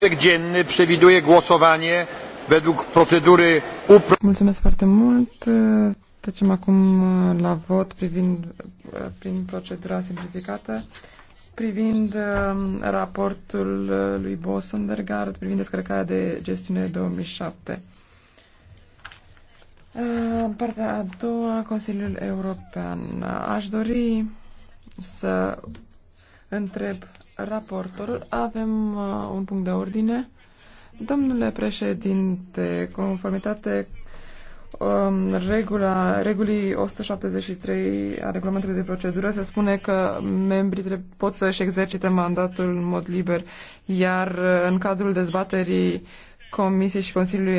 Porządek dzienny przewiduje głosowanie według procedury Mulțumesc foarte mult. Trecem acum la vot privind prin procedura simplificată privind um, raportul lui Bosendergaard privind descărcarea de gestiune 2007. Uh, în partea a doua, Consiliul European. Aș dori să întreb Raportor, Avem uh, un punct de ordine. Domnule președinte, conformitate um, regula, regulii 173 a regulamentului de procedură se spune că membrii pot să-și exercite mandatul în mod liber, iar uh, în cadrul dezbaterii Comisiei și Consiliului